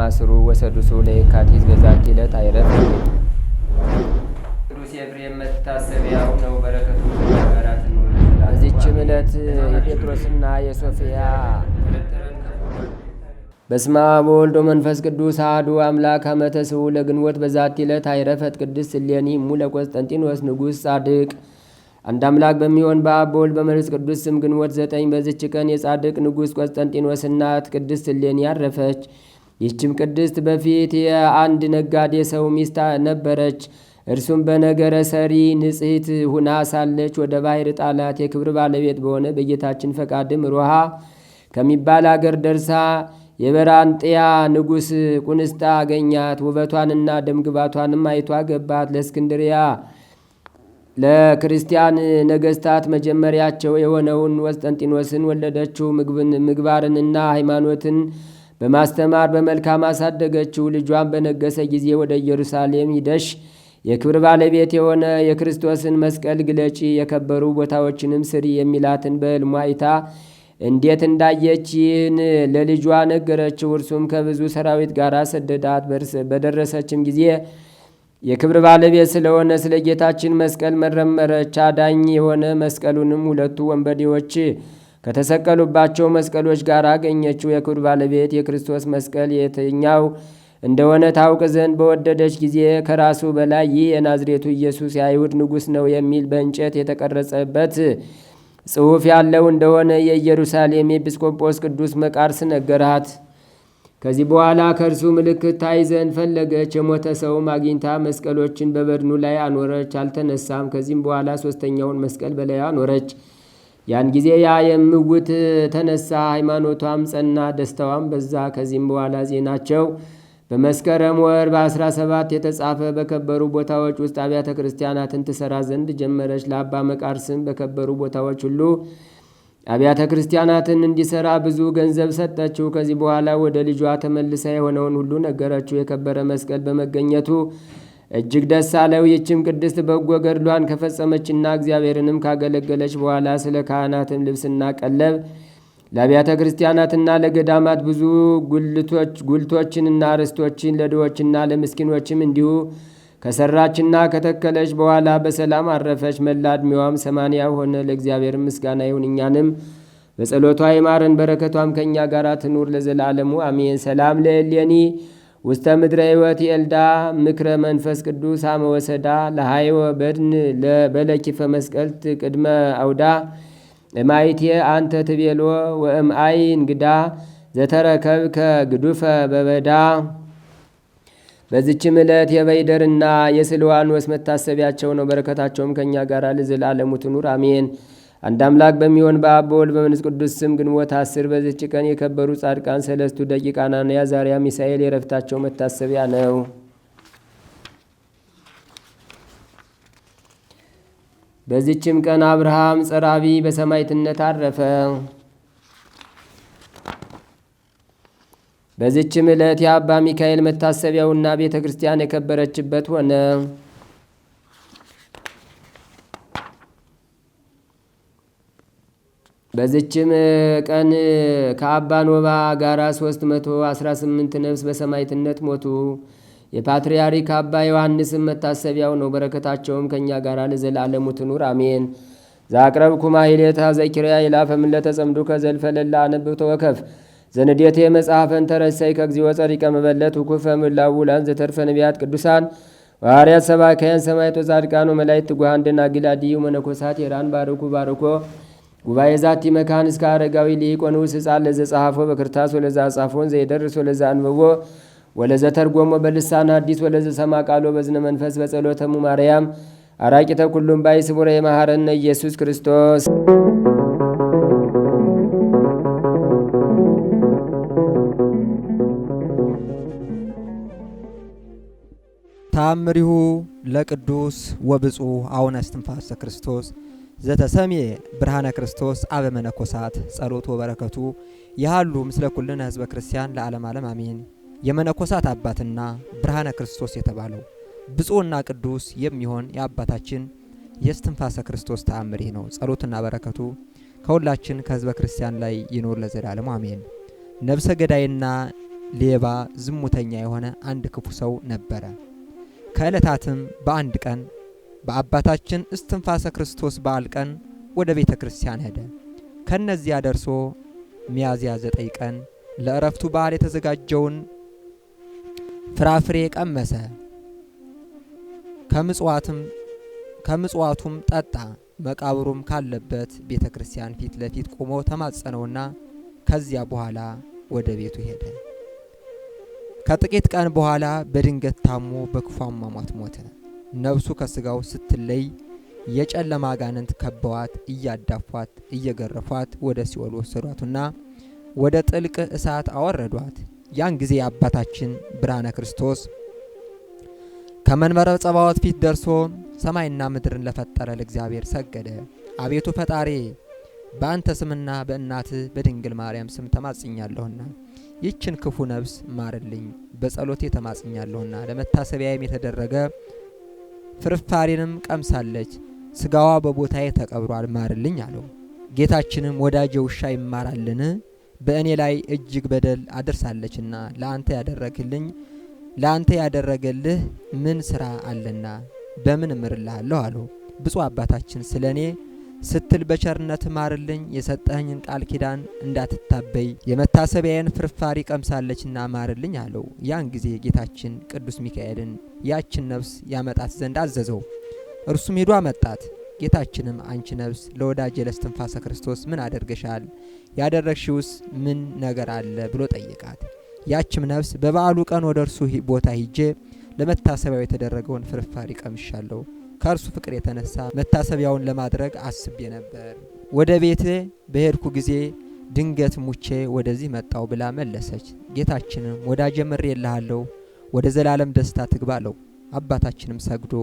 ማስሩ ወሰዱሱ ለየካቲት በዛቲ ዕለት አይረፍ። ቅዱስ ኤፍሬም መታሰቢያው ነው። በረከቱ ጋራት በዚችም ዕለት የጴጥሮስና የሶፊያ በስመ አብ ወወልድ ወመንፈስ ቅዱስ አሐዱ አምላክ። አመ ተስዑ ለግንቦት በዛቲ ዕለት አይረፈት ቅድስት እሌኒ እሙ ለቆስጠንጢኖስ ንጉሥ ጻድቅ። አንድ አምላክ በሚሆን በአብ በወልድ በመንፈስ ቅዱስ ስም ግንቦት ዘጠኝ በዚች ቀን የጻድቅ ንጉሥ ቆስጠንጢኖስ እናት ቅድስት እሌኒ አረፈች። ይህችም ቅድስት በፊት የአንድ ነጋዴ ሰው ሚስት ነበረች። እርሱም በነገረ ሰሪ ንጽሕት ሁና ሳለች ወደ ባሕር ጣላት። የክብር ባለቤት በሆነ በጌታችን ፈቃድም ሮሃ ከሚባል አገር ደርሳ የበራንጥያ ንጉሥ ቁንስጣ አገኛት። ውበቷንና ደምግባቷንም አይቶ አገባት። ለእስክንድሪያ ለክርስቲያን ነገሥታት መጀመሪያቸው የሆነውን ወስጠንጢኖስን ወለደችው። ምግባርንና ሃይማኖትን በማስተማር በመልካም አሳደገችው። ልጇን በነገሰ ጊዜ ወደ ኢየሩሳሌም ሂደሽ የክብር ባለቤት የሆነ የክርስቶስን መስቀል ግለጪ፣ የከበሩ ቦታዎችንም ስሪ የሚላትን በሕልሟ አይታ እንዴት እንዳየች ይህን ለልጇ ነገረችው። እርሱም ከብዙ ሰራዊት ጋር ሰደዳት። በደረሰችም ጊዜ የክብር ባለቤት ስለሆነ ስለ ጌታችን መስቀል መረመረች። አዳኝ የሆነ መስቀሉንም ሁለቱ ወንበዴዎች ከተሰቀሉባቸው መስቀሎች ጋር አገኘችው። የክብር ባለቤት የክርስቶስ መስቀል የትኛው እንደሆነ ታውቅ ዘንድ በወደደች ጊዜ ከራሱ በላይ ይህ የናዝሬቱ ኢየሱስ የአይሁድ ንጉሥ ነው የሚል በእንጨት የተቀረጸበት ጽሑፍ ያለው እንደሆነ የኢየሩሳሌም ኤጲስቆጶስ ቅዱስ መቃርስ ነገራት። ከዚህ በኋላ ከእርሱ ምልክት ታይ ዘንድ ፈለገች። የሞተ ሰውም አግኝታ መስቀሎችን በበድኑ ላይ አኖረች፣ አልተነሳም። ከዚህም በኋላ ሦስተኛውን መስቀል በላዩ አኖረች። ያን ጊዜ ያ የምውት ተነሳ፣ ሃይማኖቷም ጸና፣ ደስታዋም በዛ። ከዚህም በኋላ ዜናቸው በመስከረም ወር በአስራ ሰባት የተጻፈ በከበሩ ቦታዎች ውስጥ አብያተ ክርስቲያናትን ትሰራ ዘንድ ጀመረች። ለአባ መቃርስም በከበሩ ቦታዎች ሁሉ አብያተ ክርስቲያናትን እንዲሰራ ብዙ ገንዘብ ሰጠችው። ከዚህ በኋላ ወደ ልጇ ተመልሳ የሆነውን ሁሉ ነገረችው። የከበረ መስቀል በመገኘቱ እጅግ ደስ አለው። ይህችም ቅድስት በጎ ገድሏን ከፈጸመችና እግዚአብሔርንም ካገለገለች በኋላ ስለ ካህናትም ልብስና ቀለብ ለአብያተ ክርስቲያናትና ለገዳማት ብዙ ጉልቶችንና ርስቶችን ለድዎችና ለምስኪኖችም እንዲሁ ከሰራችና ከተከለች በኋላ በሰላም አረፈች። መላ ዕድሜዋም ሰማንያ ሆነ። ለእግዚአብሔር ምስጋና ይሁን፣ እኛንም በጸሎቷ ይማረን፣ በረከቷም ከእኛ ጋር ትኑር ለዘላለሙ አሜን። ሰላም ለእሌኒ ውስተ ምድረ ሕይወት የልዳ ምክረ መንፈስ ቅዱስ አመወሰዳ ለሃይወ በድን ለበለኪፈ መስቀልት ቅድመ አውዳ እማይቴ አንተ ትቤሎ ወእምአይ እንግዳ ዘተረከብ ከግዱፈ በበዳ። በዚችም ዕለት የበይደርና የስልዋኖስ መታሰቢያቸው ነው። በረከታቸውም ከእኛ ጋር ለዘላለሙ ትኑር አሜን። አንድ አምላክ በሚሆን በአብ በወልድ በመንፈስ ቅዱስ ስም ግንቦት አስር በዚች ቀን የከበሩ ጻድቃን ሰለስቱ ደቂቅ አናንያ፣ አዛርያ፣ ሚሳኤል የረፍታቸው መታሰቢያ ነው። በዚችም ቀን አብርሃም ጸራቢ በሰማይትነት አረፈ። በዚችም ዕለት የአባ ሚካኤል መታሰቢያውና ቤተ ክርስቲያን የከበረችበት ሆነ። በዝችም ቀን ከአባ ኖባ ጋራ 318 ነፍስ በሰማይትነት ሞቱ። የፓትርያርክ አባ ዮሐንስም መታሰቢያው ነው። በረከታቸውም ከእኛ ጋራ ለዘላለሙ ትኑር አሜን። ዛቅረብ ኩማ ሂሌታ ዘኪርያ ይላፈምለ ከዘልፈ ለላ አነብብቶ ወከፍ ዘንዴቴ መጽሐፈን ተረሳይ ከእግዚኦ ጸሪቀ መበለት ውኩፈ ምላውላን ዘተርፈ ነቢያት ቅዱሳን ዋርያት ሰባካያን ሰማይቶ ጻድቃኑ መላይት ትጓሃን ደናግል መነኮሳት የራን ባርኩ ባርኮ ጉባኤ ዛቲ መካን እስከ አረጋዊ ሊቆን ውስ ሕፃን ለዘ ጸሐፎ በክርታስ ወለዛ ጻፎን ዘይደርስ ወለዛ አንብቦ ወለዘ ተርጎሞ በልሳን አዲስ ወለዘ ሰማ ቃሎ በዝነ መንፈስ በጸሎተሙ ማርያም አራቂተ ኩሉም ባይ ስቡረ የማሐረነ ኢየሱስ ክርስቶስ ታምሪሁ ለቅዱስ ወብፁ አቡነ እስትንፋሰ ክርስቶስ ዘተሰሜ ብርሃነ ክርስቶስ አበ መነኮሳት ጸሎቱ በረከቱ ያሉ ምስለ ኩልነ ህዝበ ክርስቲያን ለዓለም ዓለም አሜን። የመነኮሳት አባትና ብርሃነ ክርስቶስ የተባለው ብፁዕና ቅዱስ የሚሆን የአባታችን የእስትንፋሰ ክርስቶስ ተአምር ነው። ጸሎትና በረከቱ ከሁላችን ከህዝበ ክርስቲያን ላይ ይኖር ለዘላለሙ አሜን። ነብሰ ገዳይና ሌባ ዝሙተኛ የሆነ አንድ ክፉ ሰው ነበረ። ከዕለታትም በአንድ ቀን በአባታችን እስትንፋሰ ክርስቶስ በዓል ቀን ወደ ቤተ ክርስቲያን ሄደ። ከነዚያ ደርሶ ሚያዝያ ዘጠኝ ቀን ለእረፍቱ በዓል የተዘጋጀውን ፍራፍሬ ቀመሰ። ከምጽዋትም ከምጽዋቱም ጠጣ። መቃብሩም ካለበት ቤተ ክርስቲያን ፊት ለፊት ቆሞ ተማጸነውና ከዚያ በኋላ ወደ ቤቱ ሄደ። ከጥቂት ቀን በኋላ በድንገት ታሞ በክፉ አሟሟት ሞተ። ነፍሱ ከስጋው ስትለይ የጨለማ አጋንንት ከበዋት እያዳፏት እየገረፏት ወደ ሲኦል ወሰዷትና ወደ ጥልቅ እሳት አወረዷት። ያን ጊዜ አባታችን ብርሃነ ክርስቶስ ከመንበረ ጸባዖት ፊት ደርሶ ሰማይና ምድርን ለፈጠረ ለእግዚአብሔር ሰገደ። አቤቱ ፈጣሪ በአንተ ስምና በእናት በድንግል ማርያም ስም ተማጽኛለሁና ይችን ክፉ ነፍስ ማርልኝ፣ በጸሎቴ ተማጽኛለሁና ለመታሰቢያም የተደረገ ፍርፋሪንም ቀምሳለች። ስጋዋ በቦታዬ ተቀብሯል፣ ማርልኝ አለው። ጌታችንም ወዳጄ ውሻ ይማራልን? በእኔ ላይ እጅግ በደል አድርሳለችና ለአንተ ያደረግልኝ ለአንተ ያደረገልህ ምን ስራ አለና በምን እምርልሃለሁ አለው። ብፁዕ አባታችን ስለ እኔ ስትል በቸርነት ማርልኝ የሰጠኸኝን ቃል ኪዳን እንዳትታበይ የመታሰቢያን ፍርፋሪ ቀምሳለችና ማርልኝ አለው። ያን ጊዜ ጌታችን ቅዱስ ሚካኤልን ያችን ነፍስ ያመጣት ዘንድ አዘዘው። እርሱም ሄዶ አመጣት። ጌታችንም አንቺ ነፍስ ለወዳጄ ለእስትንፋሰ ክርስቶስ ምን አደርገሻል? ያደረግሽውስ ምን ነገር አለ? ብሎ ጠየቃት። ያችም ነፍስ በበዓሉ ቀን ወደ እርሱ ቦታ ሂጄ ለመታሰቢያው የተደረገውን ፍርፋሪ ቀምሻለሁ ከእርሱ ፍቅር የተነሳ መታሰቢያውን ለማድረግ አስቤ ነበር። ወደ ቤቴ በሄድኩ ጊዜ ድንገት ሙቼ ወደዚህ መጣው ብላ መለሰች። ጌታችንም ወዳጄ ምሬልሃለሁ፣ ወደ ዘላለም ደስታ ትግባ አለው። አባታችንም ሰግዶ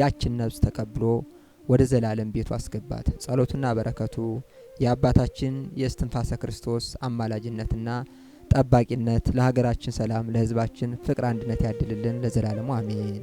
ያችን ነብስ ተቀብሎ ወደ ዘላለም ቤቱ አስገባት። ጸሎቱና በረከቱ የአባታችን የእስትንፋሰ ክርስቶስ አማላጅነትና ጠባቂነት ለሀገራችን ሰላም፣ ለሕዝባችን ፍቅር፣ አንድነት ያድልልን ለዘላለሙ አሜን።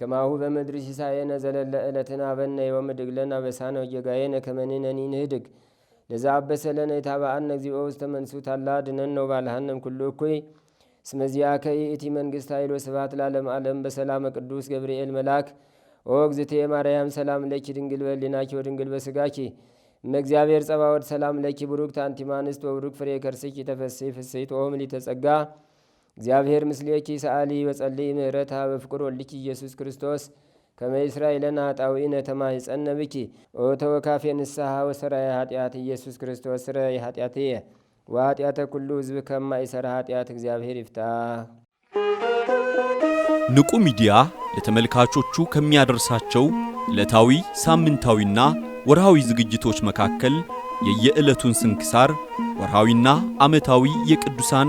ከማሁ በምድሪ ሲሳየነ ዘለለ ዕለትን አበነ ወምድግለን አበሳነ ወጌጋየነ ከመንነኒ ንህድግ ለዛ አበሰለነ የታባአነ እግዚኦ ውስተ መንሱት አላ ድነን ነው ባልሃንም ኩሉ እኩይ ስመዚያ ከይ እቲ መንግስት ኃይሎ ስብሐት ላለም ዓለም በሰላመ ቅዱስ ገብርኤል መልአክ ኦ እግዝቴ ማርያም ሰላም ለኪ ድንግል በሊናኪ ወድንግል በስጋኪ እመእግዚአብሔር ጸባወድ ሰላም ለኪ ቡሩክት ታንቲማንስት እምአንስት ፍሬ ከርስኪ ተፈሴ ፍሥሕት ኦ ምልዕተ እግዚአብሔር ምስሌኪ ሰዓሊ በጸልይ ምህረታ በፍቅር ወልኪ ኢየሱስ ክርስቶስ ከመእስራኤለን አጣዊ ነተማ ኦቶ ኦተወካፌ ንስሓ ወሰራይ ኃጢአት ኢየሱስ ክርስቶስ ስረይ ኃጢአትየ ወኃጢአተ ኩሉ ህዝብ ይሰራ ኃጢአት እግዚአብሔር ይፍታ። ንቁ ሚዲያ ለተመልካቾቹ ከሚያደርሳቸው ዕለታዊ ሳምንታዊና ወርሃዊ ዝግጅቶች መካከል የየዕለቱን ስንክሳር ወርሃዊና ዓመታዊ የቅዱሳን